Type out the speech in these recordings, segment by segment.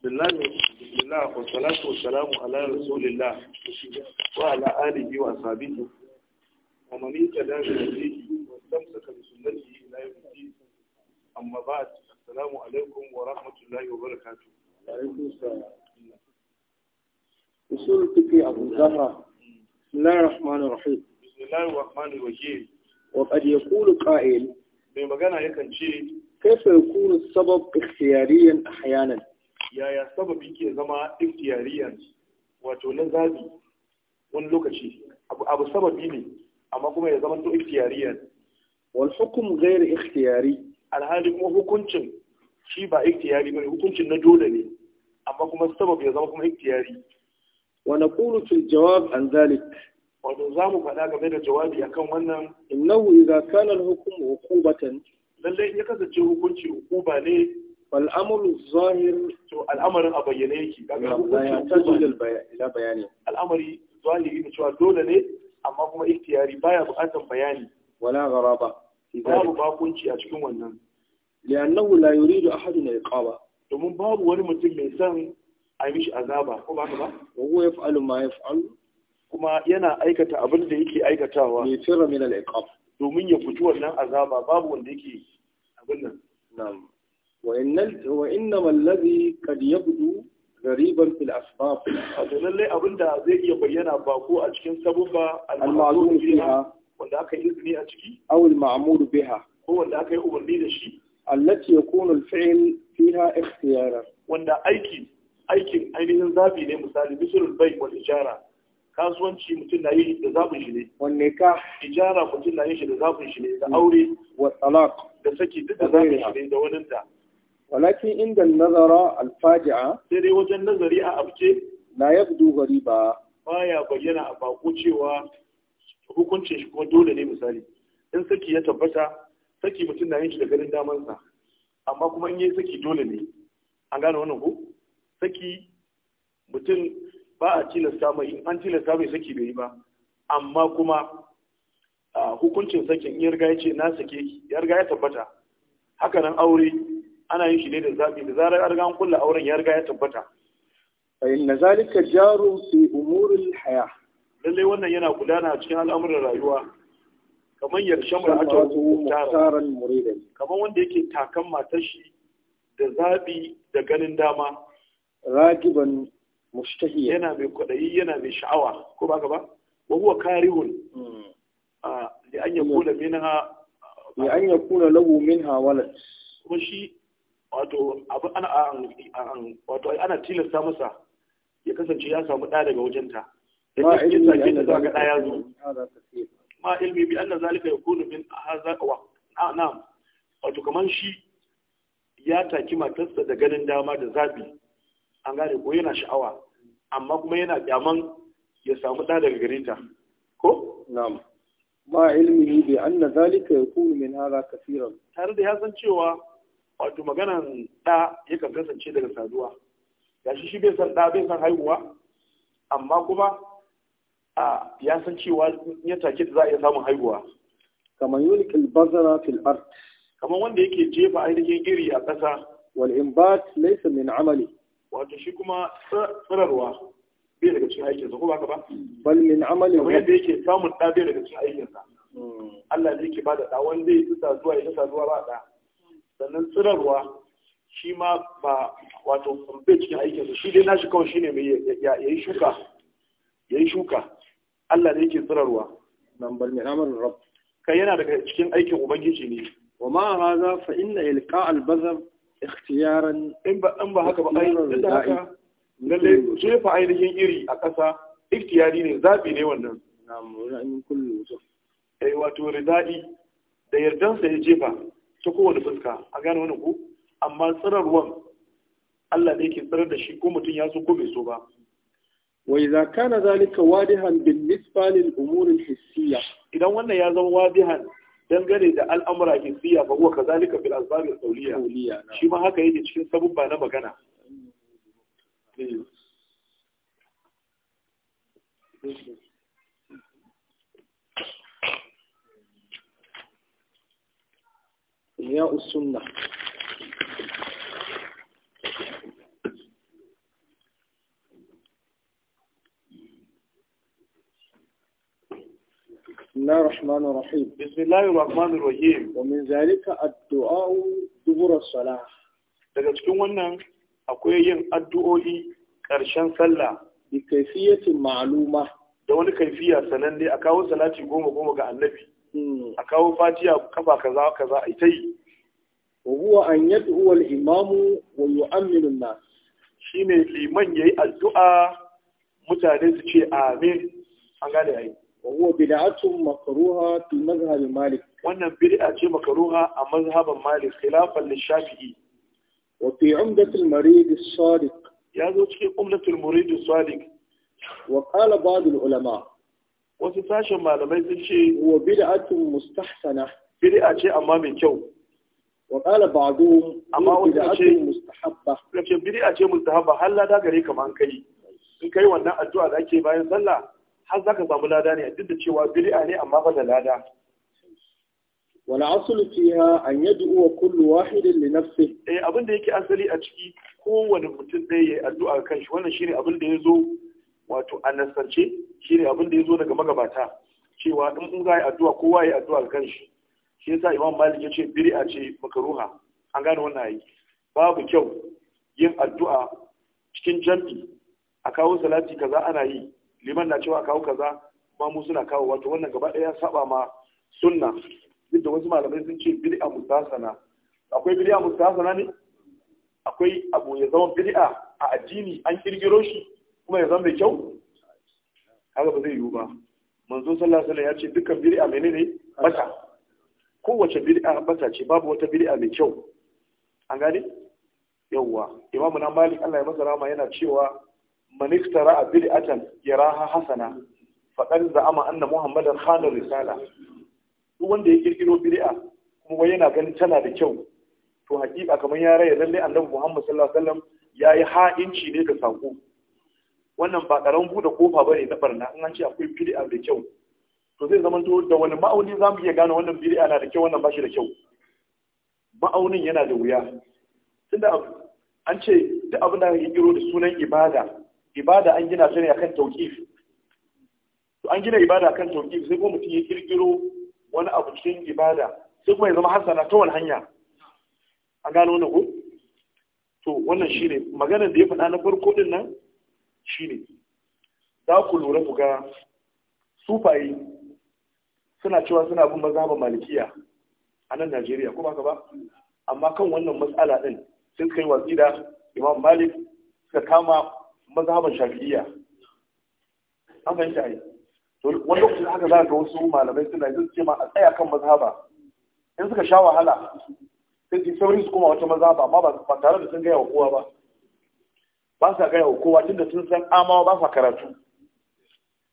Bismillah wa salatu wa salamu ala Rasulillah wa ala alihi Amma ba'd. Assalamu wa rahmatullahi wa barakatuh. Usul Abu Bismillahir Mai magana yakan ce كيف يكون السبب اختياريا yaya sababi ke zama ikhtiyariyan wato na zabi wani lokaci abu sababi ne amma kuma ya zama to ikhtiyariyan wal hukum ghayr ikhtiyari alhali kuma hukuncin shi ba ikhtiyari bane hukuncin na dole ne amma kuma sababi ya zama kuma ikhtiyari wa naqulu fil jawab an zalik wato za mu faɗa game da jawabi akan wannan innahu idza kana al hukum hukubatan lalle in ya kasance hukunci hukuba ne al'amuru zahir to al'amarin a bayyane yake kaga ila bayani al'amari zahiri da cewa dole ne amma kuma ikhtiyari baya buƙatar bayani wala gharaba babu bakunci a cikin wannan li'annahu la wani mutum bai san a yi mishi azaba kuma yana aikata abin da yake aikatawa ne fira min al-iqab domin ya guji wannan azaba babu wanda yake abin وإنما الذي قد يبدو غريبا في الأسباب أدلل أبدا زي يبين باكو أجكين سببا المعلوم فيها wanda aka izini a ciki aw al ma'mur biha aka yi umarni da shi allati yakunu al fi'l fiha ikhtiyara wanda aikin ainihin ne misali bai ijara kasuwanci mutum na yi da zabin shi ne wanne ka ijara mutum na yi shi da zabin shi ne da aure wa talaq da saki duk da zabin shi ne da wani da walakin inda nazara alfaji'a sai dai wajen nazari a abce la yabdu ghariba baya bayyana a bako cewa hukuncin shi kuma dole ne misali in saki ya tabbata saki mutum na yin shi da ganin damansa amma kuma in yi saki dole ne an gane wannan ko saki mutum ba a tilasta mai in an tilasta mai saki bai yi ba amma kuma hukuncin sakin ya riga ya ce na sake ya riga ya tabbata haka nan aure ana yin shi ne da zaɓi da zarar an riga an kulla auren ya riga ya tabbata fa inna zalika jaru fi umurin haya lalle wannan yana gudana cikin al'amuran rayuwa kamar yarshen ra'atu mutaran muridan kamar wanda yake takan matar shi da zaɓi da ganin dama ragiban mushtahiya yana mai kwaɗayi yana mai sha'awa ko ba ka ba wa huwa karihun da mm. ah, an kula minha ya an kula lahu minha walad kuma shi wato abu ana wato ana tilasta masa ya kasance ya samu ɗa daga wajenta ma ilmi bi anna zalika zo ma ilmi bi anna zalika yakunu min hadha wa na'am wato kaman shi ya taki matarsa da ganin dama da zabi an gane ko yana sha'awa amma kuma yana kyaman ya samu ɗa daga gare ta ko na'am ma ilmi bi anna zalika yakunu min hadha kaseeran tare da ya san cewa wato maganan ɗa yakan kasance daga saduwa ya shi shi bai san ɗa bai san haihuwa amma kuma a ya san cewa ya take da za a iya samun haihuwa kamar yulikil bazara fil ard kamar wanda yake jefa ainihin iri a ƙasa wal imbat laysa min amali wato shi kuma tsirarwa bai daga cikin aikinsa ko ba ka ba bal min amali kamar yadda yake samun ɗa bai daga cikin aikinsa hmm. Allah ne yake bada ɗa wanda ya tsasa zuwa ya tsasa zuwa ba ɗa sannan tsirarwa shi ma ba wato kumbe cikin aikinsa shi dai nashi kawai ne mai yayi shuka yayi shuka Allah ne yake tsirarwa nan bar ne amal rabb kai yana daga cikin aikin ubangiji ne wa ma hadha fa inna ilqa al bazar ikhtiyaran in ba in ba haka ba ai da haka lalle jefa ainihin iri a ƙasa ikhtiyari ne zabi ne wannan na'am ra'ayin kullu eh, wato ridadi da yardansa ya jefa ta kowane fuska a gane wani ku amma tsirarwan Allah ne ke tsirar da shi ko mutum ya so ko bai so ba wa idza kana zalika wadihan bin nisba lil umur hissiya idan wannan ya zama wadihan dangane da al'amura hissiya fa huwa kazalika bil asbab al qawliya shi ma haka yake cikin sabubba na magana Thank ya usunna بسم الله الرحمن الرحيم بسم الله الرحمن الرحيم ومن ذلك الدعاء دبر الصلاة daga cikin wannan akwai yin addu'o'i ƙarshen sallah bi kaifiyatin ma'luma da wani kaifiya sananne a kawo salati goma goma ga annabi a kawo fatiya kafa kaza kaza a ita yi wa an yad'u al imamu wa na. Shi ne liman ya yi addu'a mutane su ce amin an gane ai wa da atun makruha fi mazhab malik wannan bid'a ce makaruha a mazhaban malik khilafan li shafi'i wa fi umdat al sadiq ya zo cikin umdatul al sadiq wa qala ba'd ulama wasu sashen malamai sun ce wa bid'atun mustahsana bid'a ce amma mai kyau wa qala ba'dhum amma wasu ce mustahabba kace bid'a ce mustahabba har lada gare ka an kai in kai wannan addu'a da ake bayan sallah har zaka samu lada ne duk da cewa bid'a ne amma fa da lada wala asulu fiha an yad'u kullu wahidin li nafsihi eh abin da yake asali a ciki kowane mutum ɗaya yayi addu'a kanshi wannan shine abin da yazo wato a nasarce shi ne abin da ya zo daga magabata cewa in in za a yi addu'a kowa ya addu'a kan shi shi yasa imam malik ya ce a ce makaruha an gane wannan ayi babu kyau yin addu'a cikin jam'i a kawo salati kaza ana yi liman na cewa a kawo kaza ma mu suna kawo wato wannan gaba ɗaya saba ma sunna duk da wasu malamai sun ce bir'a mustasana akwai bir'a mustasana ne akwai abu ya zama bir'a? a addini an kirkiro shi kuma ya zama mai kyau haka ba zai yiwu ba manzo sallallahu alaihi ya ce dukkan bid'a menene bata kowace bid'a bata ce babu wata bid'a mai kyau an gane yawwa imamu na malik Allah ya masa rama yana cewa man iktara bid'atan yaraha hasana faqad za'ama anna muhammadan khana risala duk wanda ya kirkiro bid'a kuma wai yana ganin tana da kyau to hakika kamar ya raya lalle annabi muhammad sallallahu alaihi wasallam yayi ha'inci ne ga sako wannan ba karamin buɗe kofa bane na barna in an ce akwai bid'a da kyau to zai zama to da wani ma'auni za mu iya gane wannan bid'a na da kyau wannan ba shi da kyau ma'aunin yana da wuya tunda an ce duk abin da ake kiro da sunan ibada ibada an gina ta ne akan tauqif to an gina ibada akan tauqif sai kuma mutum ya kirkiro wani abu cikin ibada sai kuma ya zama hasana ta wani hanya a gano wannan ko to wannan shine maganar da ya faɗa na farko din nan shine za ku lura ku ga sufaye suna cewa suna bin mazhaban malikiya a nan Najeriya ko baka ba amma kan wannan matsala din sun kai watsi da Imam Malik suka kama mazhaban Shafi'iyya an fahimta ai to wani lokacin haka za ka wasu malamai suna yin ce ma a tsaya kan mazhaba in suka sha wahala sai su saurin su kuma wata mazhaba amma ba tare da sun gaya wa kowa ba ba sa gaya wa kowa tunda sun san amawa ba sa karatu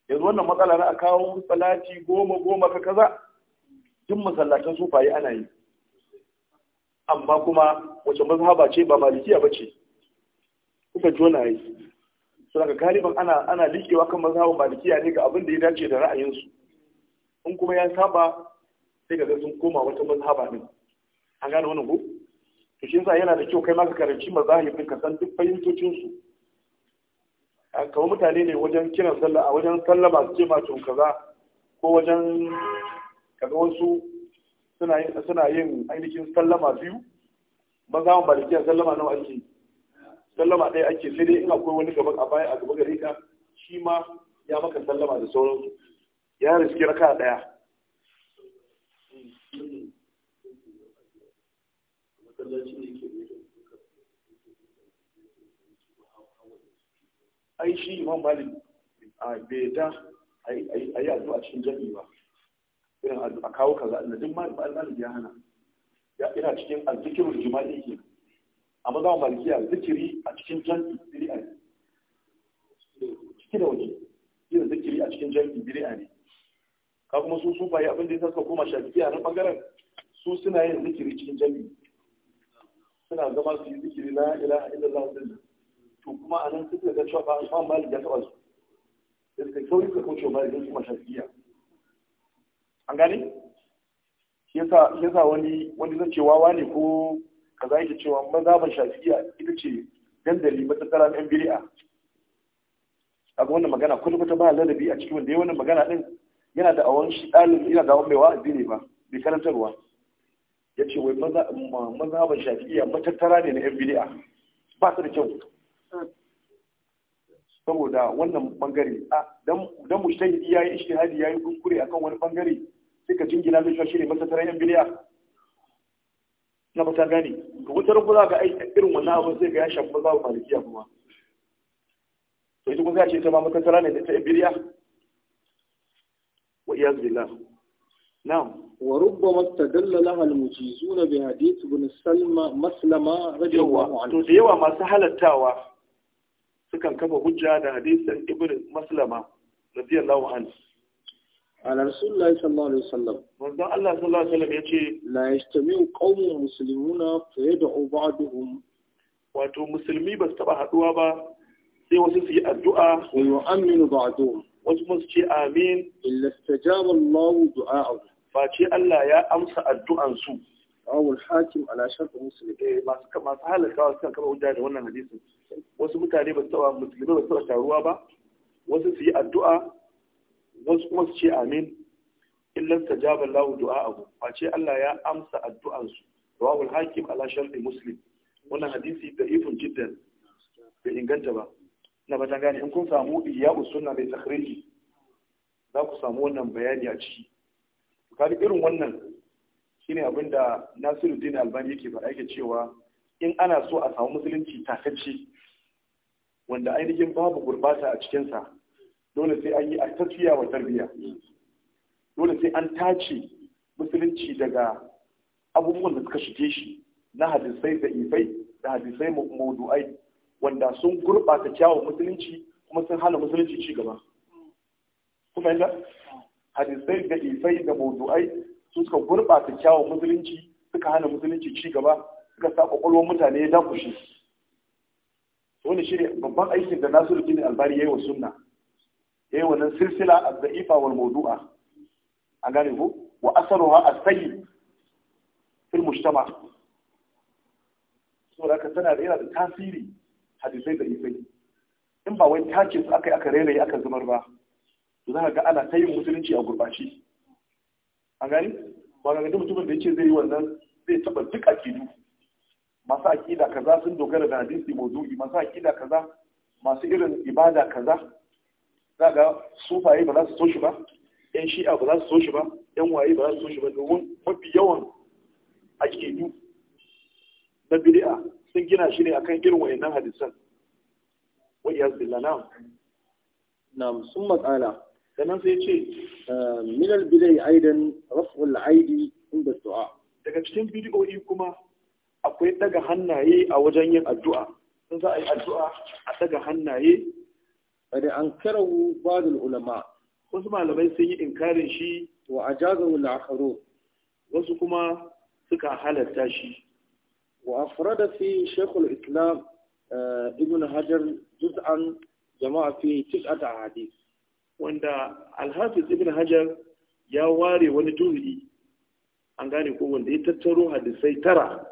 yanzu wannan matsala na a kawo salati goma goma ka kaza tun masallatan sufaye ana yi amma kuma wace mazhaba ce ba malikiya ba ce kuka wani yi su daga galiban ana ana likewa kan mazhaban malikiya ne ga abin da ya dace da ra'ayinsu in kuma ya saba sai ga sun koma wata mazhaba ne an gane wannan ko shi shi yana da kyau kai ma ka karanci mazahibin ka san duk fahimtocin su mutane ne wajen kiran sallah a wajen sallah ba su ce ma kaza ko wajen kaga wasu suna yin suna yin ainihin sallama biyu mu ba da kiyan sallama nawa ake sallama ɗaya ake sai dai in akwai wani gaba a baya a gaba gare ka shi ma ya maka sallama da sauransu ya riski raka ɗaya ai shi imam malik a beda a yi addu'a cikin jami'i ba irin a kawo kaza da duk malik ya hana ya ina cikin alzikirul jima'i ke a maza malikiya zikiri a cikin jami'i biri'a a ciki da waje yin zikiri a cikin jami'i a ne ka kuma su sufaye abin da ya sassa koma a na bangaren su suna yin zikiri cikin jami'i suna zama su yi zikiri na ila ila Allah din to kuma anan suka ga cewa ba Imam malin ya taɓa su sai suka kauri suka kauce ba su kuma shafiya an gane yasa yasa wani wani zan ce wawa ne ko kaza yake cewa mazhaban shafiya ita ce dandali matattara na 'yan biri'a a ga wannan magana kullum kwata ba ladabi a cikin wanda ya wannan magana din yana da awon shi ɗalibi yana da awon mai wa'azi ne ba bai karantarwa ya ce wai shafi shafi'iyya matattara ne na yan bidiya ba su da kyau saboda wannan bangare a dan mujtahidi yayi ya yi kuskure kan wani bangare sai ka jingina zai shi ne matattara yan bidiya na ba ta gane ga wata rubu za ga irin wannan abu zai ga ya shafi mazhaban malikiya kuma to ita kuma sai ce ta ma matattara ne ta yan bidi'a wa iyaz billah na'am وربما استدل لها المجيزون بحديث بن سلمة مسلمة رضي الله عنه to da yawa masu halattawa sukan kafa hujja da hadisin ibn maslama radiyallahu anhu على رسول الله صلى الله عليه وسلم منذ الله صلى الله عليه وسلم يجي لا يجتمع قوم مسلمون فيدعو بعضهم wato musulmi ba su taba haduwa ba sai wasu su yi addu'a wa yu'minu ba'dhum wasu su amin illa istajaba face Allah ya amsa addu'an su awul hakim ala shartu muslim eh masu kama su halakawa suka kama hujja da wannan hadisin wasu mutane ba su taba musulmi ba su taba taruwa ba wasu su yi addu'a wasu kuma su ce amin illan tajaba Allah du'a'ahu face Allah ya amsa addu'ansu? su rawahul hakim ala shartu muslim wannan hadisi da ifin jiddan bai inganta ba na ba ta gane in kun samu iya usunna mai takhriji za ku samu wannan bayani a ciki kaga irin wannan shine abin da Nasiru Nasiruddin Albani yake faɗa yake cewa in ana so a samu musulunci tatacce wanda ainihin babu gurbata a cikinsa dole sai an yi a tafiya wa tarbiya dole sai an tace musulunci daga abubuwan da suka shige shi na hadisai da ifai da hadisai maudu'ai wanda sun gurbata kyawun musulunci kuma sun hana musulunci ci gaba. hadisai da isai da mawdu'ai su suka gurɓata kyawun musulunci suka hana musulunci ci gaba suka sa kwakwalwar mutane ya dakushe wani shi ne babban aikin da nasiru jini albari ya yi wa sunna ya yi wannan silsila a za'ifa wal mawdu'a an gane ko wa asaruha as-sayyi fil mujtama da ka tana da yana da tasiri hadisai da ifai in ba wai take su aka yi aka rairaye aka zumar ba za ka ga ana ta yin musulunci a gurɓace an gani ba ga duk mutumin da ya ce zai yi wannan zai taɓa duk akidu masu akida kaza sun dogara da hadisi mawdu'i masu akida kaza masu irin ibada kaza za ga sufaye ba za su so shi ba yan shi'a ba za su so shi ba yan waye ba za su so shi ba domin mafi yawan akidu na bid'a sun gina shi ne akan irin wayannan hadisan wa iyaz billah na'am na'am sun matsala sannan sai ce eh, minal bidai aidan raf'ul aidi inda du'a daga cikin bidiyoyi kuma akwai daga hannaye a wajen yin addu'a sun za a yi addu'a a daga hannaye da an karawu ba'dul ulama wasu malamai sun yi inkarin shi wa ajazahu al-akharu wasu kuma suka halatta shi wa afrada fi shaykhul islam eh, ibn hajar juz'an jama'a fi tis'ata hadith wanda alhafiz ibn hajar ya ware wani juzu'i an gane ko wanda ya tattaro hadisai tara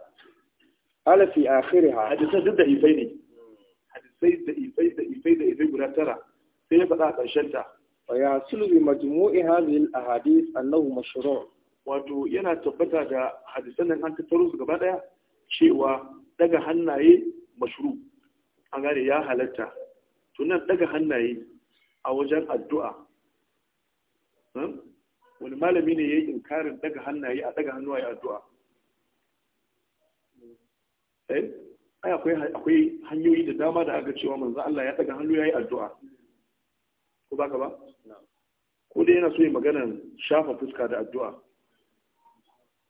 alafi akhiriha hadisan duk da ifai ne hadisai da ifai da ifai da ifai guda tara sai ya faɗa a ƙarshen ta fa ya sulbi majmu'i hadhihi al-ahadith annahu mashru' wato yana tabbata da hadisan nan an tattaro su gaba daya cewa daga hannaye mashru an gane ya halatta to nan daga hannaye a wajen addu'a hmm? wani malami ne ya yi inkarin daga hannaye a daga hannuwa ya addu'a eh akwai hanyoyi da dama da aka cewa manzo Allah ya daga hannu ya yi addu'a ko ka ba ko dai yana so yi maganar shafa fuska da addu'a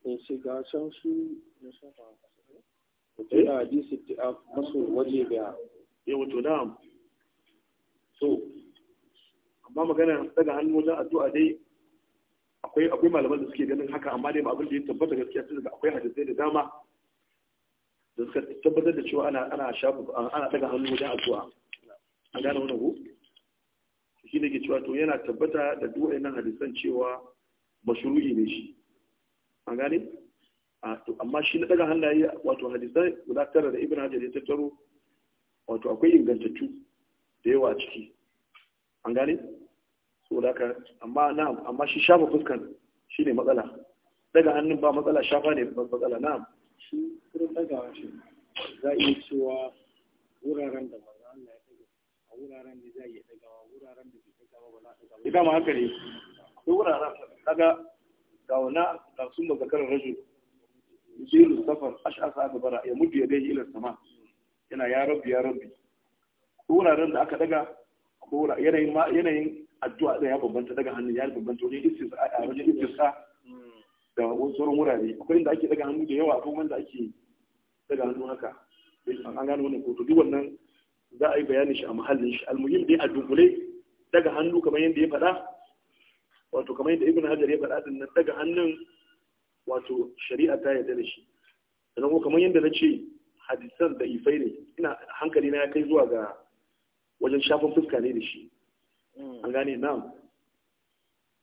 eh, sai ga san su na shafa sai a eh? Eh? hadisi ta masu waje ga yawa to na'am so amma magana daga hannu wajen addu'a dai akwai akwai malaman da suke ganin haka amma dai ba abin da ya tabbata gaskiya tun daga akwai hadisai da dama da suka tabbatar da cewa ana ana shafa ana daga hannu wajen addu'a an gane wannan ko shi ne ke cewa to yana tabbata da duk wayannan hadisan cewa mashru'i ne shi an gane amma shi na daga hannaye wato hadisai guda tara da ibn hajar ya tattaro wato akwai ingantattu da yawa a ciki an gane so da ka amma na'am amma shi shafa fuskan shine matsala daga hannun ba matsala shafa ne ba matsala na'am shi kurin daga shi za a iya cewa wuraren da maza Allah ya daga a wuraren da za a iya dagawa wuraren da bai dagawa ba za a dagawa ita ma haka ne akwai wuraren daga ga wana ga sun da zakarar rajul jilu safar ash'asa Bara. ya mutu ya dai ila sama yana ya rabbi ya rabbi wuraren da aka daga yanayin addu'a ɗin ya bambanta daga hannun ya bambanta wajen istisqa a wajen sa da wasu sauran wurare akwai inda ake daga hannu da yawa akwai wanda ake daga hannu haka an gano wannan kotu duk wannan za a yi bayanin shi a muhallin shi almuhim dai a dunkule daga hannu kamar yadda ya faɗa wato kamar yadda ibn hajar ya faɗa din nan daga hannun wato shari'a ta yarda da shi sannan kuma kamar yadda na ce hadisan da ifai ne ina hankali na ya kai zuwa ga wajen shafin fuska ne da shi Mm. an gane na'am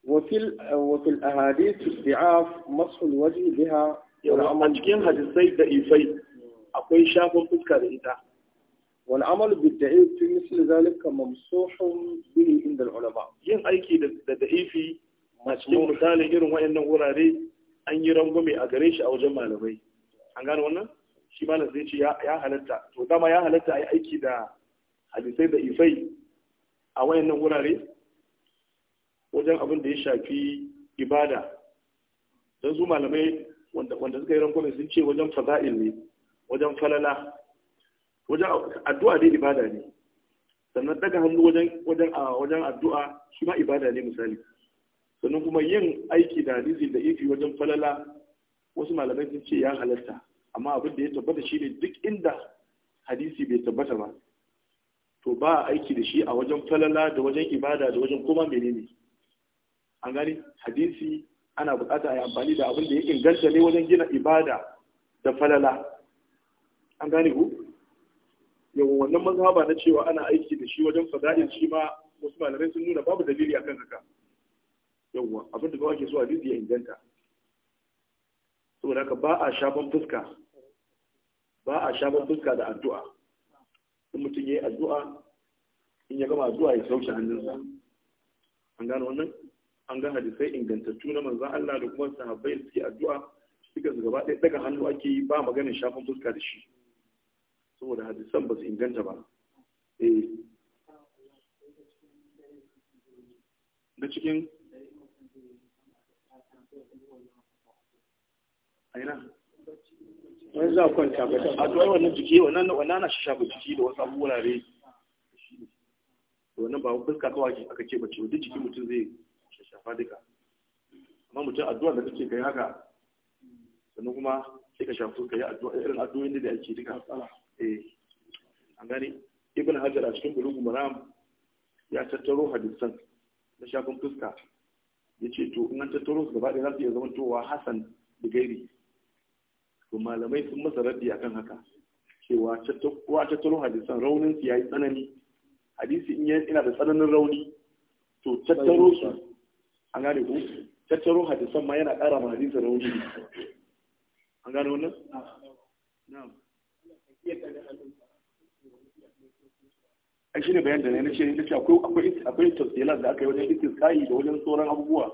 wafil hadisu di'af masul waje biha a cikin hadisai da ifai mm. akwai shafin fuska da ita wal amalu bi da'if fi misli zalika mamsuhun bihi inda ulama yin aiki da da'ifi a cikin misali irin wayannan wurare an yi rangwame a gare shi a wajen malamai an gano wannan shi malam zai ce ya halatta to dama ya halatta a yi aiki da hadisai da ifai a wayannan wurare wajen abin da ya shafi ibada don su malamai wanda suka yi rangwame sun ce wajen faza'il ne wajen falala wajen addu'a dai ibada ne sannan daga hannu wajen addu'a shi ma ibada ne misali sannan kuma yin aiki da hadisi da ifi wajen falala wasu malamai sun ce ya halatta amma abin da ya tabbata shi ne duk inda hadisi bai tabbata ba to ba a aiki da shi a wajen falala da wajen ibada da wajen koma menene an gani hadisi ana bukata a yi amfani da abin da ya inganta ne wajen gina ibada da falala an gani ku yau wannan mazhaba na cewa ana aiki da shi wajen fada'il shi ma wasu malamai sun nuna babu dalili akan haka yawwa abin da kawai ke so hadisi ya inganta saboda ka ba a shafan fuska ba a shafan fuska da addu'a in mutum ya yi addu'a in ya gama addu'a ya sauke hannunsa an gano wannan an ga hadisai ingantattu na manzan Allah da kuma sahabbai da suke addu'a suka su gaba ɗaya daga hannu ake yi ba maganin shafin fuska da shi saboda hadisan ba su inganta ba eh na cikin ainihin wani za a kwanta ba a tuwai wani jiki wani ana na shafa jiki da wasu abubuwa wurare wani ba fuska kawai aka ce ba bace duk jiki mutum zai shafa duka amma mutum addu'a da kake kai haka sannan kuma sai ka shafa kai addu'a irin addu'o'in da ake duka A gani, eh, gane ibn hajar a cikin bulugu maram ya tattaro hadisan na shafin fuska ya ce to in an tattaro su gaba ɗaya za su iya zamantowa Hassan da gairi to malamai sun masa raddi akan haka cewa kowa tattaro hadisan raunin su yayi tsanani hadisi in yana da tsananin rauni to tattaro su an gane ku tattaro hadisan ma yana ƙara ma hadisan rauni an gane wannan na'am ai shine bayan da ne nace nace akwai akwai akwai tafsilan da aka yi wajen istisqai da wajen sauran abubuwa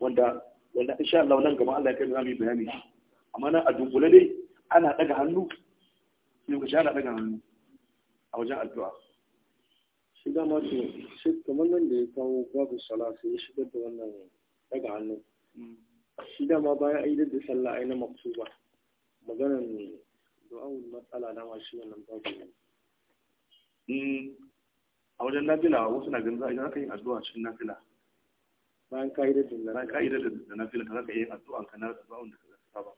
wanda wanda insha Allah nan gaba Allah ya kai mu bayani shi amma nan a dubule dai ana daga hannu lokaci ana daga hannu a wajen addu'a shi ma ce shi kamar nan da ya kawo babu sala sai ya shigar da wannan daga hannu shi dama bayan aidar da sallah ai na maktuba maganan du'a'ul matsala ma shi wannan babu hmm, a wajen nafila wasu na ganin idan aka yi addu'a cikin nafila bayan ka'idar da nafila ka ka'idar da nafila ka zaka yi addu'a ka na addu'an da ka saba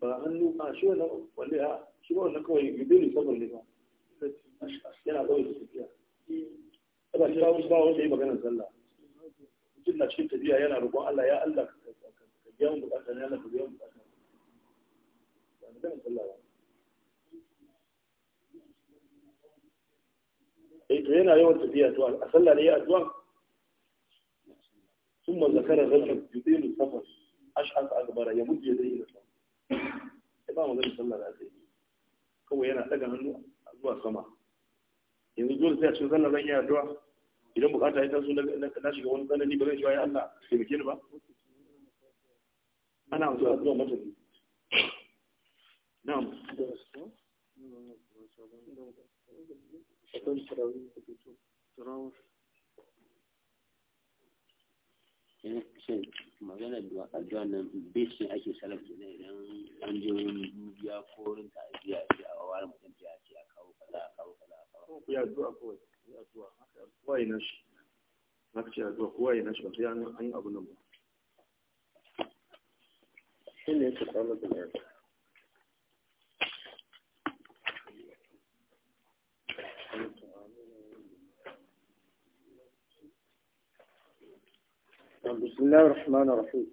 ba hannu a shi wannan wale ya shi ba wani kawai bibiri sabon ne ba yana kawai da tafiya ba shi ba wanda yi maganar sallah mutum na cikin tafiya yana roƙon Allah ya Allah ka biya mu bukata ne Allah ka biya mu bukata ba da maganar sallah ba eh to yana yawan tafiya to a sallah ne ya addu'a ولو ذكر الرجل يطيل السفر أشعث أكبر يمد يديه sama. السماء ba mu sallah da aka yi kawai yana daga hannu zuwa sama yanzu dole sai a ce sallah zan yi addu'a idan bukata ya taso na shiga wani tsanani ba zai shi ya Allah ke bike ni ba ana zuwa addu'a mata ne na'am Thank shin maganar addu'a nan bishin ake salaf ne idan an je biya ko wurin ta ajiya a wawar mutum ya ce a kawo kaza a kawo kaza a ya addu'a kawai ya addu'a kowa na ce addu'a ya nashi ba sai an yi abu nan ba shi ne su kwallo da بسم الله الرحمن الرحيم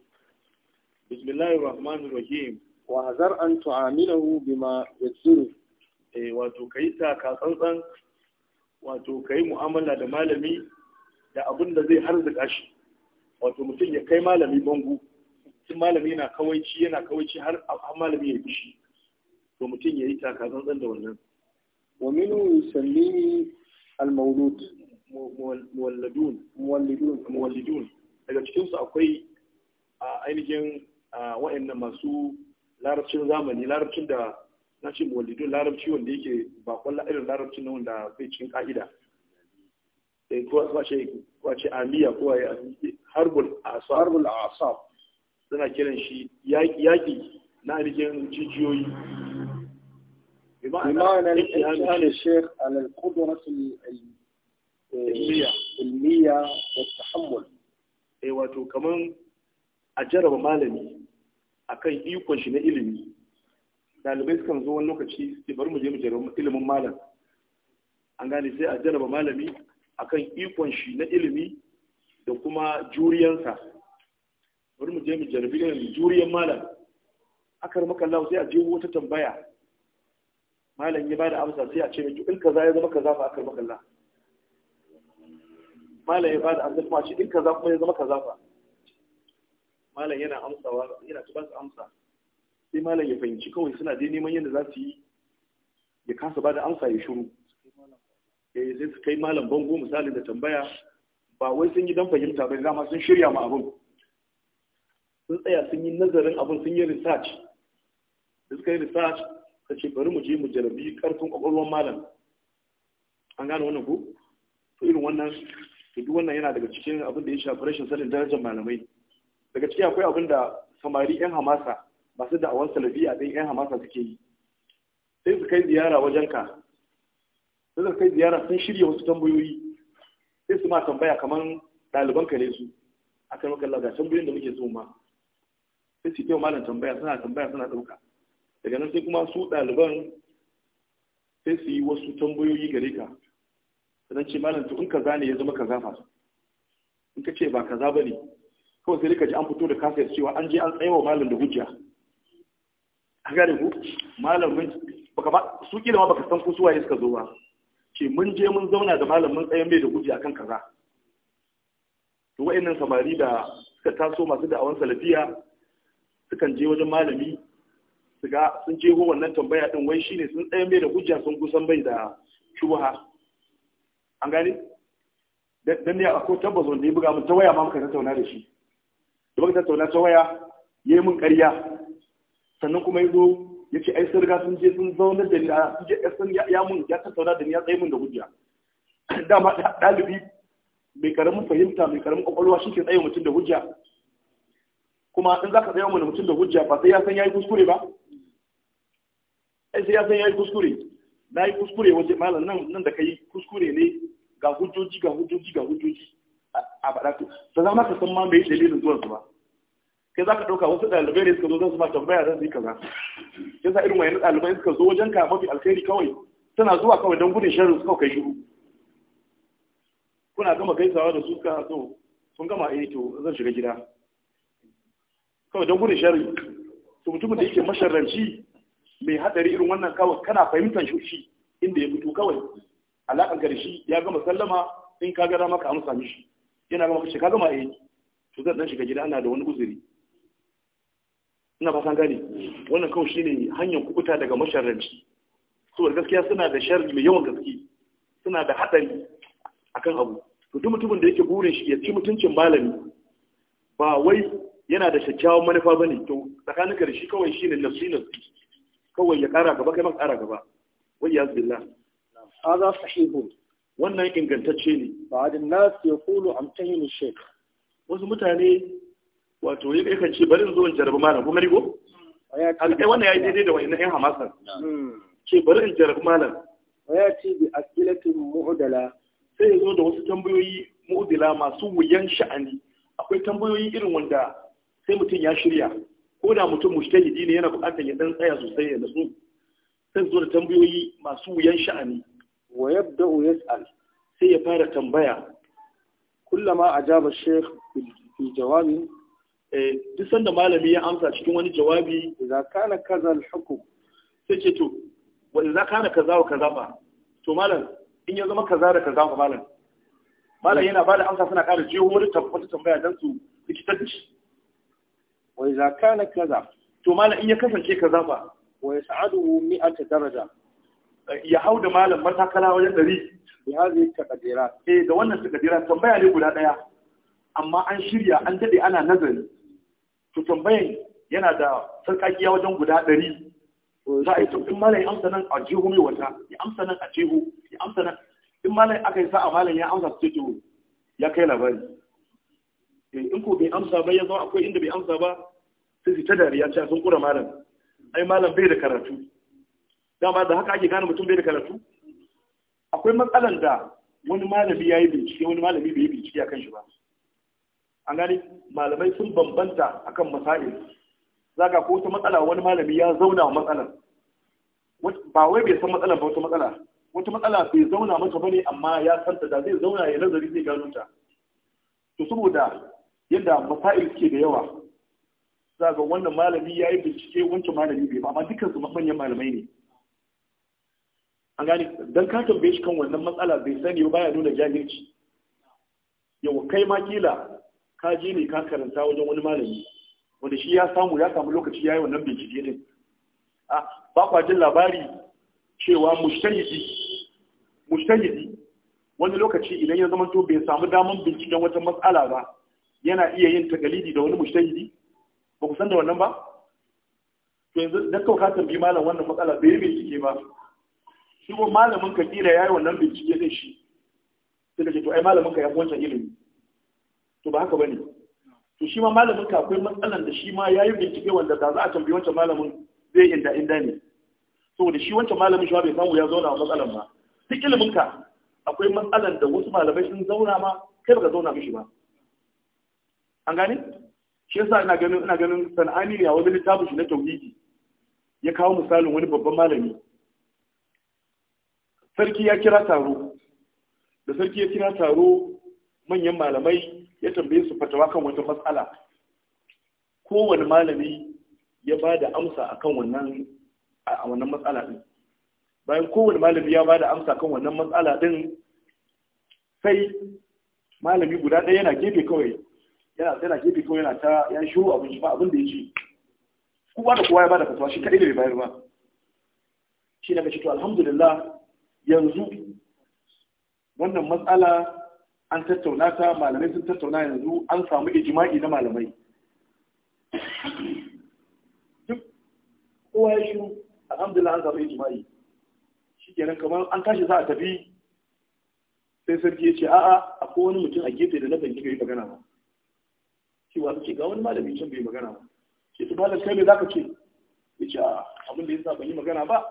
بسم الله الرحمن الرحيم وهذر أن تعامله بما يسره eh wato kai taka tsantsan wato kai mu'amala da malami zai harzuka shi wato mutum ya kai malami bangu mutum malami yana kawaici yana kawaici har malami ya bishi to mutum ya yi taka tsantsan da wannan wa minu yusallimi al daga cikinsu akwai a ainihin wa'annan masu larabcin zamani larabcin da na ce mawalidun larabci wanda yake bakon irin larabcin na wanda bai cikin ka'ida sai eh, kuwa ce amiya kuwa ya harbul asab suna kiran shi yaƙi na ainihin jijiyoyi بمعنى الاتهام الشيخ على القدرة العلمية والتحمل eh wato kaman a jaraba malami akan ikon shi na ilimi dalibai sukan zo wani lokaci sai bari mu je mu jaraba ilimin malam an gane sai a jaraba malami akan ikon shi na ilimi da kuma juriyansa bari mu je mu jarabi irin juriyan malam akar makallahu sai a je wata tambaya malam ya bada amsa sai a ce mai in kaza ya zama kaza fa akar makallahu malam ya bada amsa kuma shi in kaza kuma ya zama kaza fa malam yana amsawa yana ci su amsa sai malam ya fahimci kawai suna dai neman yadda za su yi ya kasa bada amsa ya shiru eh sai su kai malam bango misalin da tambaya ba wai sun yi dan fahimta ba dama sun shirya ma abin sun tsaya sun yi nazarin abin sun yi research da kai research ka ce bari mu je mu jarabi karfin kwakwalwar malam an gane wannan ku irin wannan to duk wannan yana daga cikin abin da ya shafi rashin sanin darajar malamai daga ciki akwai abin da samari yan hamasa masu da'awan a din yan hamasa suke yi sai su kai ziyara ka sai su kai ziyara sun shirya wasu tambayoyi sai su ma tambaya kamar ɗaliban ka ne su akan maka Allah ga tambayoyin da muke so ma sai su kyau malam tambaya suna tambaya suna ɗauka daga nan sai kuma su ɗaliban sai su yi wasu tambayoyi gare ka zan ce malam to in kaza ne ya zama kaza fa in ka ce ba kaza bane kawai sai ka ji an fito da kasa cewa an je an tsayawa malam da hujja a gane ku malam mun baka ba su kila ma baka san ku suwaye suka zo ba ce mun je mun zauna da malam mun tsayan bai da hujja akan kaza to wayannan samari da suka taso masu da'awan salafiya sukan je wajen malami su ga sun je ho wannan tambaya din wai shine sun tsayan bai da hujja sun kusan bai da shubha an gane dan ne akwai tabbas wanda ya buga mun ta waya ma muka tattauna da shi da muka tattauna ta waya yayi mun ƙarya sannan kuma yazo ya ce ai sun riga sun je sun zauna da ni sun je sun ya mun ya tattauna da ni ya tsaye mun da hujja dama ɗalibi mai karamin fahimta mai karamin kwakwalwa shi ke tsaye mutum da hujja kuma in za ka tsaye mun mutum da hujja ba sai ya san ya yi kuskure ba ai sai ya san ya yi kuskure na yi kuskure waje malam nan nan da kai kuskure ne ga hujjoji ga hujjoji ga hujjoji a faɗa to ba za ma ka san ma me dalilin zuwan su ba kai za ka ɗauka wasu dalibai ne suka zo zan su ba tambaya zan yi kaza sai sa irin wayannan dalibai suka zo wajen ka mafi alkhairi kawai suna zuwa kawai don gudun sharri su kawai shiru kuna gama gaisawa da su ka so sun gama eh to zan shiga gida kawai don gudun sharri to mutumin da yake masharranci mai hadari irin wannan kawai kana fahimtar shi inda ya fito kawai alakan ka shi ya gama sallama in ka gara maka amsa mishi yana gama kashe, ka gama yi eh. to zan dan shiga gida ana da wani uzuri ina fatan gane wannan kawai shine hanyar kubuta daga masharranci saboda gaskiya suna da sharri mai yawan gaske suna da hadari akan abu to duk mutumin da yake burin shi ya ci mutuncin malami ba wai yana da kyakkyawan manufa bane to tsakanin da shi kawai shine nasu kawai ya ƙara gaba kai ma ƙara gaba wai ya zilla hadha sahihun wannan ingantacce ne ba'd an-nas yaqulu amtahin shaykh wasu mutane wato yake kan ce bari zo in jarabi malam kuma rigo alƙai wannan yayi daidai da wa'annan ƴan hamasa hmm. ce bari in jarabi malam waya ce bi asilatin mu'dala sai ya zo da wasu tambayoyi mu'dala masu wuyan sha'ani akwai tambayoyi irin wanda sai mutum ya shirya ko da mutum mushtahidi ne yana buƙatar ya dan tsaya sosai ya su sai zo da tambayoyi masu wuyan sha'ani wa yabda yas'al sai ya fara tambaya kullama ajaba sheikh fi jawabi eh duk sanda malami ya amsa cikin wani jawabi idza kana kaza al-hukm sai ce to wa idza kana kaza wa kaza ba?" to malam in ya zama kaza da kaza ba malam malam yana bada amsa suna ƙara jiyo wani tabbata tambaya dan su rikitar da shi wa idza na kaza to malam in ya kasance Wai sa'adu wa yas'aduhu mi'ata daraja ya hau da malam matakala wajen ɗari Ya bi hadhihi taqdirat eh da wannan taqdirat tambaya ne guda ɗaya. amma an shirya an daɗe ana nazari to tambayan yana da sarkakiya wajen guda ɗari za a yi to in malam ya amsa nan a jihu mai wata ya amsa nan a jihu ya amsa nan in malam aka yi sa'a malam ya amsa su jihu ya kai labari Eh, in ko bai amsa ba ya zama akwai inda bai amsa ba sai su ta dariya ta sun kura malam ai malam bai da karatu dama da haka ake gane mutum bai da karatu akwai matsalan da wani malami ya yi bincike wani malami bai yi bincike akan shi ba an gane malamai sun bambanta akan masail zaka ko wata matsala wani malami ya zauna wa matsalan ba wai bai san matsalan ba wata matsala wata matsala bai zauna mata bane amma ya san ta da zai zauna ya nazari zai gano ta to saboda yadda masail suke da yawa za ga wannan malami ya yi bincike wancan malami bai ba amma dukkan su manyan malamai ne an gane dan ka tambaye shi kan wannan matsala bai sani ba baya nuna jahilci yau kai ma kila ka je ne ka karanta wajen wani malami wanda shi ya samu ya samu lokaci ya yi wannan bincike din a ba kwa jin labari cewa mushtahidi mushtahidi wani lokaci idan ya zama to bai samu daman binciken wata matsala ba yana iya yin takalidi da wani mushtahidi ba ku san da wannan ba to yanzu da kawai ka tambayi malam wannan matsala bai yi bincike ba shi ko malamin ka kira yayi wannan bincike din shi sai ka to ai malamin ka ya wancan ilimi to ba haka bane to shi ma malamin ka akwai matsalan da shi ma yayi bincike wanda da za a tambayi wancan malamin zai inda inda ne saboda shi wancan malamin shi bai samu ya zauna a matsalan ba duk ilimin ka akwai matsalan da wasu malamai sun zauna ma kai baka zauna mishi ba an gane shi yasa ina ganin ina ganin sanani ne a wani littafin shi na tauhidi ya kawo misalin wani babban malami sarki ya kira taro da sarki ya kira taro manyan malamai ya tambaye su fatawa kan wata matsala kowane malami ya ba da amsa akan wannan a wannan matsala din bayan kowane malami ya ba da amsa kan wannan matsala din sai malami guda ɗaya yana gefe kawai yana yana gefe kawai yana ta ya shiru abin ba abin da ya ce kowa da kowa ya bada fatawa shi kadai da bai bayar ba shi na ce to alhamdulillah yanzu wannan matsala an tattauna ta malamai sun tattauna yanzu an samu ijma'i na malamai duk kowa ya shiru alhamdulillah an samu ijma'i shi kenan kamar an tashi za a tafi sai sarki ya ce a'a akwai wani mutum a gefe da na fahimci yi magana ba cewa suke ga wani malami can bai magana ba ce su malam kai ne za ka ce ya ce a ah, abin da ya sa ban yi magana ba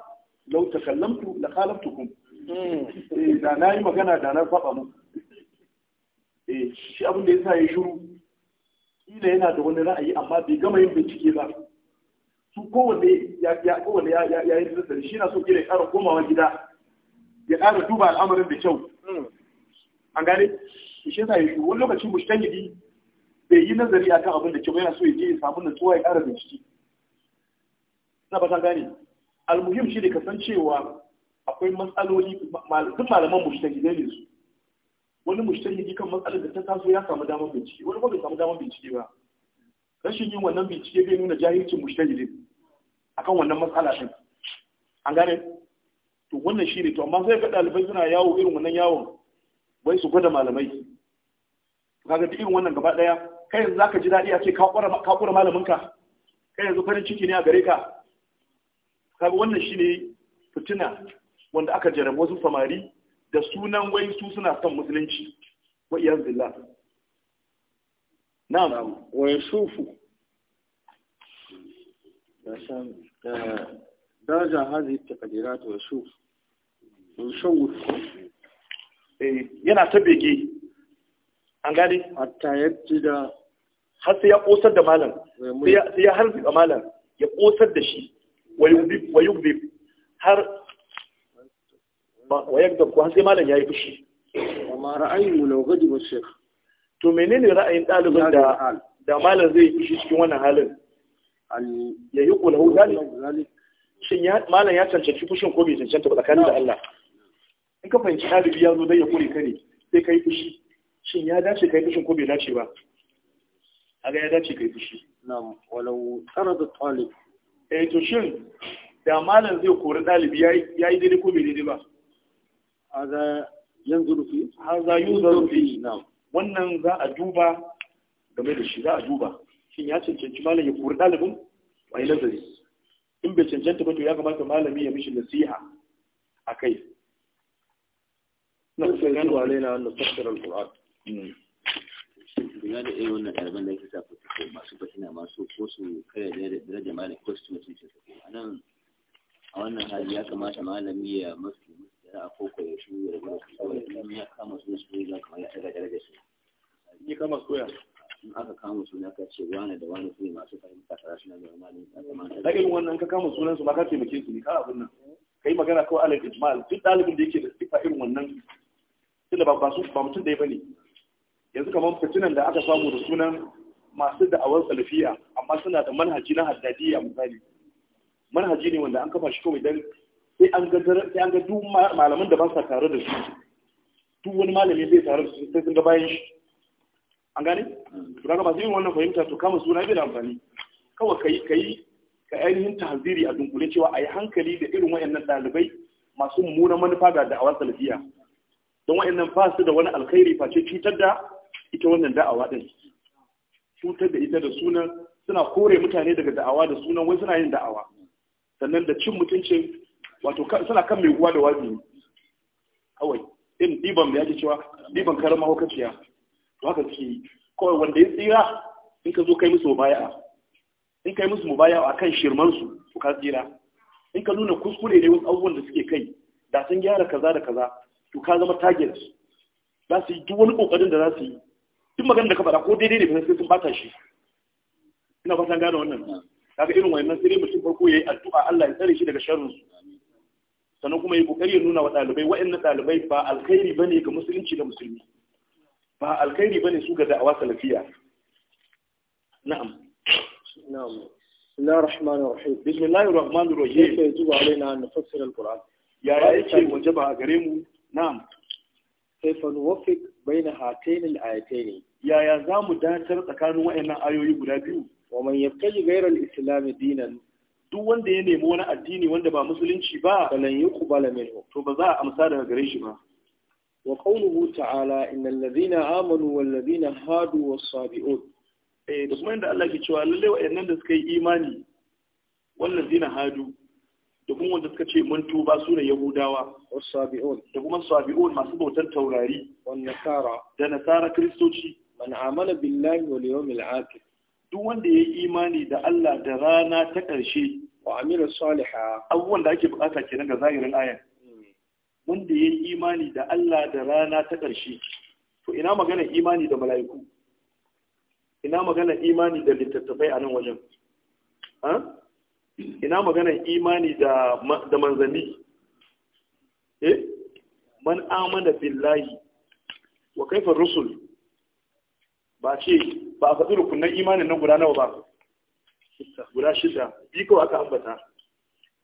lau ta kallamtu la kun eh, da na yi magana da na faɓa mu eh, shi abin da ya sa ya shiru Ina yana da wani ra'ayi amma bai gama yin bincike ba su kowane ya ya kowanne ya ya shi na so kira ya ƙara komawa gida ya ƙara duba al'amarin da kyau hmm. an gane shi yasa ya shiru wani lokacin mushtahidi bai yi nazari akan abin da kuma yana so ya je ya samu natsuwa ya ƙara bincike na ba ta gane almuhim shi ne kasancewa akwai matsaloli duk malaman mushtahidai ne su wani mushtahidi kan matsalar da ta taso ya samu damar bincike wani kuma bai samu damar bincike ba rashin yin wannan bincike bai nuna jahilcin mushtahidin akan wannan matsala ɗin an gane to wannan shi ne to amma sai ga ɗalibai suna yawo irin wannan yawon wai su gwada malamai kaga duk irin wannan gaba ɗaya kai yanzu zaka ji daɗi a ce ka kura malaminka kai yanzu farin ciki ne a gare ka kaga wannan shine fitina wanda aka jarrabo wasu samari da sunan wai su suna son musulunci wa iyan billah na'am wa yashufu عشان درجة هذه التقديرات وشوف eh yana ta bege an gane hatta yaji da har ya kosar da malam sai ya harzuka malam ya kosar da shi wa yugdib har wa yagdab ko har sai malam yayi fushi amma ra'ayin law gadiba shaykh to menene ra'ayin ɗaliban da da malam zai fushi cikin wannan halin ya yi kula hu zalik shin malam ya cancanci fushin ko bai cancanta ba tsakanin da Allah in ka fahimci ɗalibi ya zo dai ya kore kare sai ka yi fushi shin ya dace kai fushin ko bai dace ba ga ya dace kai fushi na walau da talib eh to shin da malam zai kori dalibi yi daidai ko bai daidai ba A haza yanzu A haza yanzu fi na wannan za a duba game da shi za a duba shin ya cancanci malam ya kori dalibin wai nazari in bai cancanta ba to ya kamata malami ya mishi nasiha a kai? akai نسأل الله na أن al القرآن Kuna mm. da irin wannan ɗaliban da ake sa fito masu fatina masu ko su kare da daraja malam ko su mutum su a nan a wannan hali ya kamata malami ya masu da a koko ya shi ya rubuta su saboda idan ya kama su su ne kamar ya ɗaga daraja su. Ni kama su ya. in aka kama suna ka ce wane da wane sune masu fahimta kaza suna da malami ya kamata da irin wannan ka kama sunan su ma ka taimake su ne ka abin nan kai magana kawai alal ijmal duk dalibin da yake da sifa irin wannan tunda ba ba su ba mutum da ba ne. yanzu kamar fitinan da aka samu da sunan masu da'awar salafiya amma suna da manhaji na haddadiya misali manhaji ne wanda an kafa shi kawai dan sai an ga sai an ga duk malaman da ba sa tare da su duk wani malami zai tare da su sai sun ga bayan shi an gane to kaga masu yin wannan fahimta to kama suna bai da amfani kawai kai kai ka ainihin tahziri a dunkule cewa a yi hankali da irin wayannan ɗalibai masu mummunan manufa ga da'awar salafiya don wayannan fasu da wani alkhairi face cutar da ita wannan da'awa ɗin cutar da ita da sunan suna kore mutane daga da'awa da sunan wai suna yin da'awa sannan da cin mutuncin wato suna kan mai guwa da wazi kawai in ɗiban da yake cewa ɗiban karar mahaukaciya to haka suke kawai wanda ya tsira in ka zo kai musu mubaya in kai musu kan akan shirmansu to ka tsira in ka nuna kuskure ne wasu abubuwan da suke kai da sun gyara kaza da kaza to ka zama target za su yi duk wani kokarin da za su yi duk magana da ka faɗa ko daidai ne ba sai sun bata shi ina fatan gane wannan kaga irin wannan sai mutum farko yayi addu'a Allah ya tsare shi daga sharrin su sannan kuma yi kokari ya nuna wa dalibai wa'annan dalibai ba alkhairi bane ga musulunci da musulmi ba alkhairi bane su ga da'awa salafiya na'am na'am بسم الله الرحمن الرحيم بسم الله الرحمن الرحيم كيف يجب علينا أن نفسر يا وجب على نعم kaifa nuwafiq baina hatain al-ayatayn yaya mu datar tsakanin wayannan ayoyi guda biyu wa man yabtaji ghayra al-islam dinan duk wanda ya nemi wani addini wanda ba musulunci ba falan yuqbala minhu to ba za a amsa daga gare shi ba wa qawluhu ta'ala innal "Ladina amanu wal ladina hadu was sabiun eh da kuma inda Allah ke cewa lalle wayannan da suka yi imani wal ladina hadu da kuma wanda suka ce mun tuba su ne Yahudawa wasabi'un da kuma sabi'un masu bautar taurari wan nasara da nasara kristoci man amana billahi wal yawmil akhir duk wanda ya yi imani da Allah da rana ta ƙarshe wa amila saliha abubuwan da ake bukata kenan ga zahirin ayan hmm. wanda ya yi imani da Allah da rana ta ƙarshe to ina magana imani da mala'iku ina magana imani da littattafai a nan wajen ina maganar imani da da manzanni eh man amana billahi wa kaifa rusul ba ce ba a faɗi kunnan imanin nan guda nawa ba guda shida bi kawai aka ambata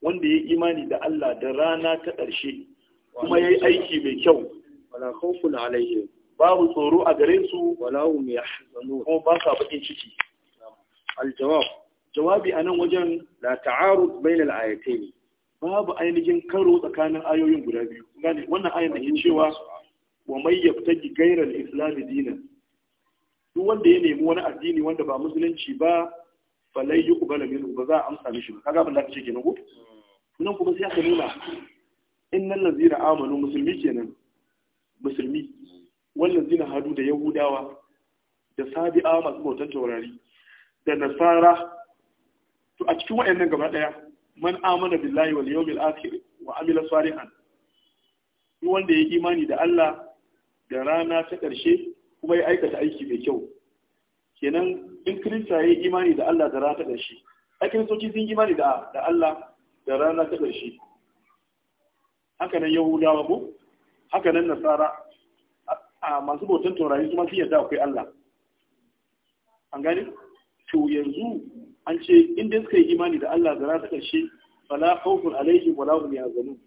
wanda ya imani da Allah da rana ta ƙarshe kuma ya yi aiki mai kyau wala khawfun alaihim babu tsoro a gare su wala hum yahzanun kuma ba sa bakin ciki aljawab jawabi a nan wajen la ta'arud bainal ne. babu ainihin karo tsakanin ayoyin guda biyu gane wannan ayan da ke cewa wa may yabtaji ghayra islam dinan duk wanda ya nemi wani addini wanda ba musulunci ba falai yuqbala minhu ba za a amsa mishi ba kaga abin da kace kenan ko nan kuma sai aka nuna innal ladzina amanu musulmi kenan musulmi wannan zina hadu da yahudawa da sabi'a masu bautar taurari da nasara to a cikin wayannan gaba daya man amana billahi wal yawmil akhir wa amila salihan ni wanda ya imani da Allah da rana ta ƙarshe kuma ya aikata aiki mai kyau kenan in kirista ya yi imani da Allah da rana ta ƙarshe a kiristoci sun imani da Allah da rana ta ƙarshe hakanan yahudawa ko hakanan nasara a masu bautan taurari kuma sun yarda akwai Allah an gani to yanzu an ce inda suka yi imani da Allah zara ta ƙarshe fala haukun alaihi wala hum yahzanun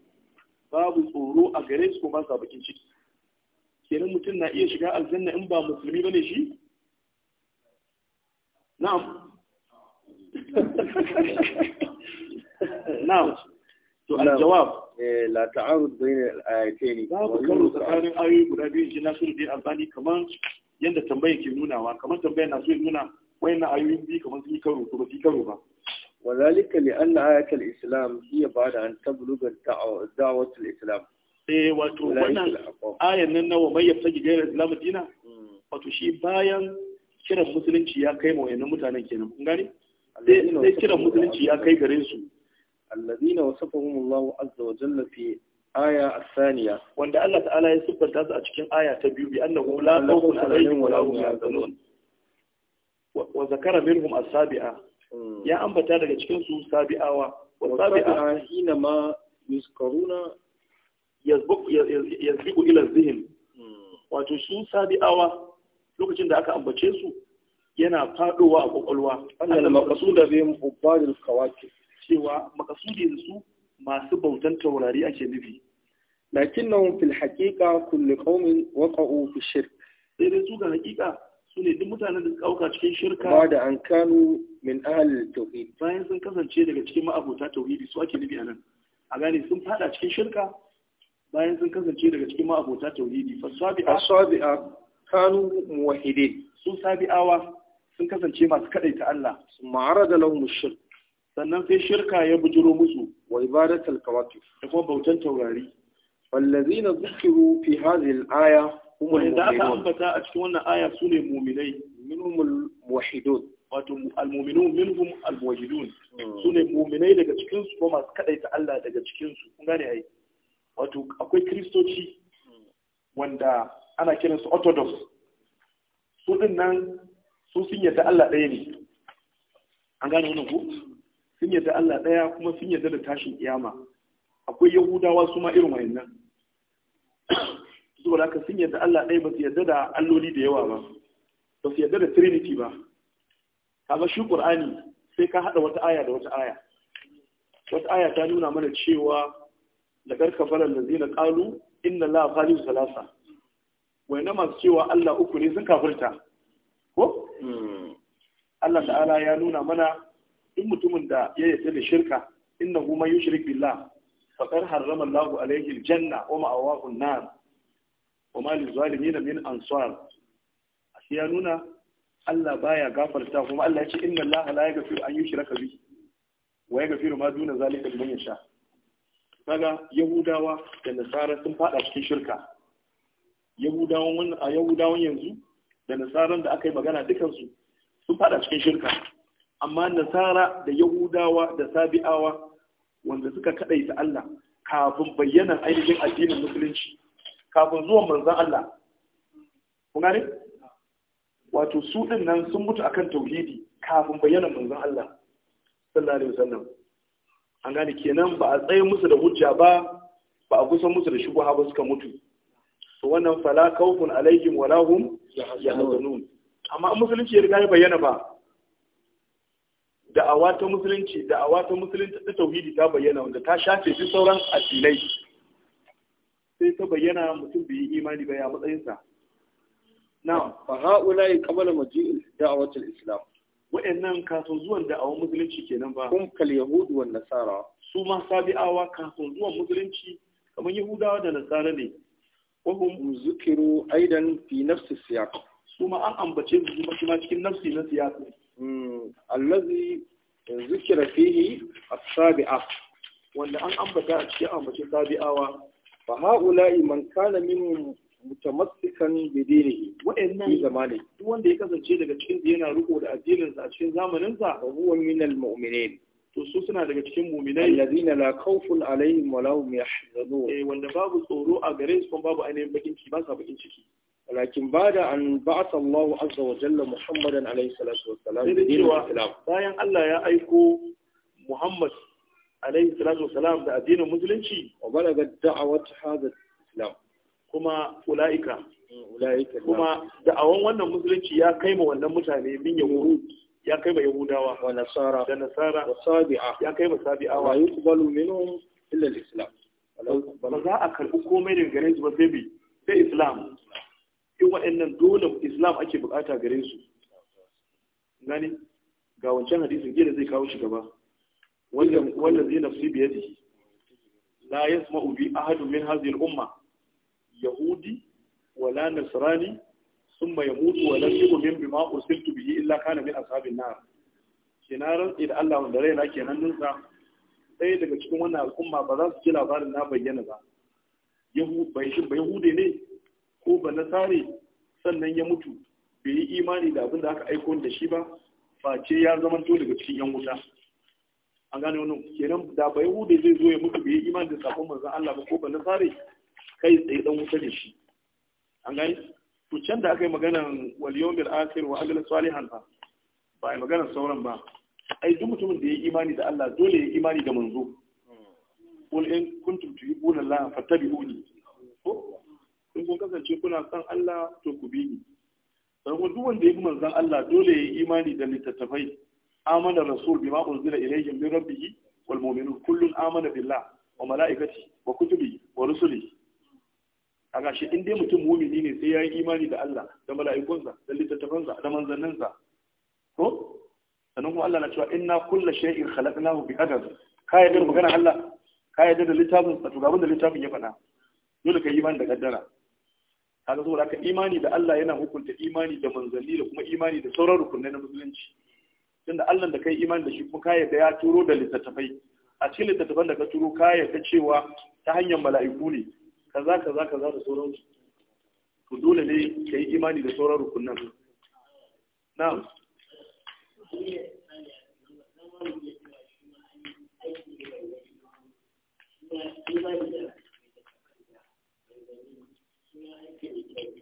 babu tsoro a gare su ba sa bakin ciki kenan mutum na iya shiga aljanna in ba musulmi bane shi na'am na'am to al-jawab eh, la ta'arud bayna al-ayatayn babu karo tsakanin ayoyi guda biyu shi na sulu dai albani kaman yanda tambayar ke nunawa kaman tambayar na so nuna wayannan ayoyin biyu kamar sun yi karo to ba su yi karo ba وذلك لأن Islam الإسلام هي بعد أن تبلغ دعوة Islam. eh wato wannan ayan nan nawa mai yaftaji gairar islam dina hmm. wato shi bayan kiran musulunci ya kai mawayannan mutanen kenan kun gane sai kiran musulunci ya kai gare su allazina wasafahum Allah azza wa jalla fi aya asaniya wanda Allah ta'ala ya siffanta su a cikin aya ta biyu bi annahu la wa zakara minhum as-sabi'a hmm. ya ambata daga cikin su sabi'awa wa sabi'a hina ma yuzkaruna yazbiqu ila zihin hmm. wato su sabi'awa lokacin da aka ambace su yana fadowa a kokolwa annal maqsuda bihim hubbadul kawakib cewa maqsudin su masu bautan taurari ake nufi lakinnahum fil haqiqa kullu qaumin waqa'u fi shirk sai dai su ga haqiqa su ne duk mutanen da suka auka cikin shirka ba da an kanu min ahal tauhid bayan sun kasance daga cikin ma'abota tauhidi su ake nufi anan a gane sun fada cikin shirka bayan sun kasance daga cikin ma'abota tauhidi fasabi'a fasabi'a kanu muwahhidin su sabi'awa sun kasance masu kadaita Allah ma'ara da lahum shirk sannan sai shirka ya bujiro musu wa ibadatul kawatif da kuma bautan taurari wallazina zukiru fi hadhihi al-aya humul da aka ambata a cikin wannan aya sune mu'minai minhumul muwahhidun wato almu'minun minhum almuwahhidun hmm. sune mu'minai daga cikin su ko masu kadaita Allah daga cikin su kun gane ai wato akwai kristoci wanda ana kiran su orthodox su din nan su sun yarda Allah ɗaya ne an gane wannan ku? sun yadda Allah ɗaya kuma sun yadda da tashin kiyama akwai yahudawa su ma irin wayannan saboda haka sun da Allah ɗaya ba su yarda da alloli da yawa ba ba su yarda da trinity ba Kama shi qur'ani sai ka hada wata aya da wata aya wata aya ta nuna mana cewa da karka faran da zai qalu inna la khaliqu salasa wai na masu cewa Allah uku ne sun kafirta ko hmm. Allah ta'ala ya nuna mana in mutumin da ya yarda da shirka innahu man yushrik billah faqad harrama Allahu alayhi aljanna wa ma'awahu an-nar wa malin zalimi na min ansar a ya nuna Allah baya gafarta kuma Allah ya ce inna Allah la yaghfiru an yushraka bi wa yaghfiru ma duna zalika liman yasha kaga yahudawa da nasara sun fada cikin shirka yahudawan wannan a yahudawan yanzu da nasaran da aka yi magana dukansu sun fada cikin shirka amma nasara da yahudawa da sabi'awa wanda suka kadaita Allah kafin bayyana ainihin addinin musulunci kafin zuwan manzan Allah kun gane wato su ɗin nan sun mutu a kan tauhidi kafin bayyana manzan Allah sallallahu alaihi wasallam an gane kenan ba a tsaye musu da hujja ba ba a kusa musu da shubha ba suka mutu to wannan fala khawfun alaikin wala ya yahzanun amma an musulunci ya riga ya bayyana ba da'awa ta musulunci da'awa ta musulunci ta tauhidi ta bayyana wanda ta shafe duk sauran addinai sai ta bayyana mutum bai yi imani ba ya matsayinsa na fa haula'i qabala a da'watul islam wa'annan kafin zuwan da'awar musulunci kenan ba kun kal yahudu wan nasara su ma sabi'awa kafin zuwan musulunci kamar yahudawa da nasara ne wa hum zukiru aidan fi nafsi siyaq su ma an ambace su ma cikin nafsi na siyaq hmm, allazi zikira fihi as-sabi'a wanda an ambata a cikin ambace sabi'awa fa haula'i man kana minhum mutamassikan bi dinihi wa'annan zamani duk wanda ya kasance daga cikin yana riko da addinin sa a cikin zamanin sa huwa min al-mu'minin to su suna daga cikin mu'minai alladhina la khawfun alaihim wa lahum yahzanun eh wanda babu tsoro a gare su babu ainihin bakin ciki ba sa bakin ciki lakin bada an ba'atha Allah azza wa jalla Muhammadan alaihi salatu wassalam bi dinil islam bayan Allah ya aiko Muhammad alaihi salatu wasalam da addinin musulunci wa balaga da'awat hadha islam kuma ulaika mm, ulaika kuma da'awan wannan musulunci ya kai ma wannan mutane min yahud ya kai ma yahudawa wa nasara da nasara wa sabi'a ya kai ma sabi'a wa yuqbalu minhum illa al-islam ba za a karbi komai daga gare su ba sai bi sai islam in waɗannan dole islam ake bukata gare su gani ga wancan hadisin gida zai kawo shi gaba wallazi nafsi biyadihi la yasma'u bi ahadin min hadhihi umma yahudi wala nasrani ثم يموت ولم يؤمن بما أرسلت به إلا كان من أصحاب النار kinaran idan Allah wanda raina ke hannunsa sai daga cikin wannan al'umma ba za su ji labarin na bayyana ba shin ba yahude ne ko ba nasare sannan ya mutu bai yi imani da abin da aka aiko ni da shi ba face ya zamanto daga cikin yan wuta an gane wannan kenan da bai hude zai zo ya mutu bai iman da sakon manzon Allah ba ko ba tsari? kai tsaye dan wuta da shi an gane to can da aka yi maganar wal yawmil akhir wa amal salihan Ba ba ai maganar sauran ba ai duk mutumin da ya imani da Allah dole ya imani da manzo qul in kuntum tuhibuna Allah fattabi'uni ko in kun kasance kuna son Allah to ku bi ni sannan duk wanda ya bi manzon Allah dole ya imani da littattafai آمن الرسول بما أنزل إليه من ربه wal كل آمن بالله وملائكته وكتبه ورسله aga shi in dai mutum mu'mini ne sai ya yi imani da Allah da mala'ikunsa da littattafansa da manzanninsa ko sanin kuma Allah na cewa inna kulla shay'in khalaqnahu bi adad ka yadda magana Allah ka yadda da littafin to ga da littafin ya faɗa dole ka yi imani da kaddara kaga saboda ka imani da Allah yana hukunta imani da manzanni da kuma imani da sauran rukunai na musulunci tunda Allah da kai imani da shi kuma ka da ya turo da littattafai a cikin littattafan da ka turo ka yarda cewa ta hanyar mala'iku ne kaza kaza kaza da sauransu to dole ne ka yi imani da sauran rukunan na'am Thank you.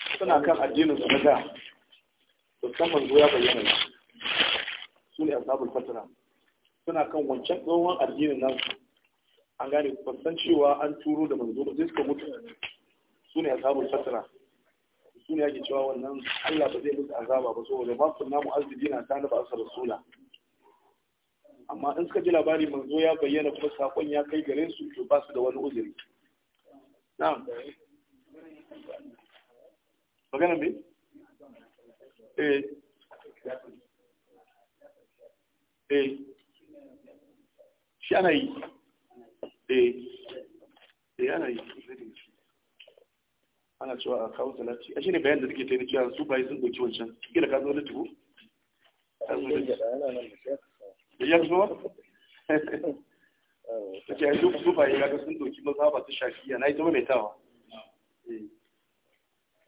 suna kan addinin su na da san manzo ya bayyana su ne asabul fatara suna kan wancan tsohon addinin nan. an gane san cewa an turo da manzo ba suka mutu su ne asabul fatara su ne ake cewa wannan Allah ba zai musu azaba ba da ba su namu arziki na ta ba asar rasula amma in suka ji labari manzo ya bayyana kuma sakon ya kai gare su to ba su da wani uzuri na'am Bagaimana me eh eh yi eh eh ana cewa a kawo salati a bayan da suke ta yi cewa su bayi sun ɗauki wancan ka ya ta ce su bayi ya ga sun ɗauki ta na yi ta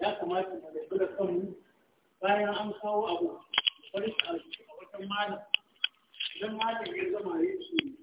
ya kamata mu da kula kanmu bayan an kawo abu bari a wajen malam idan malam ya zama yake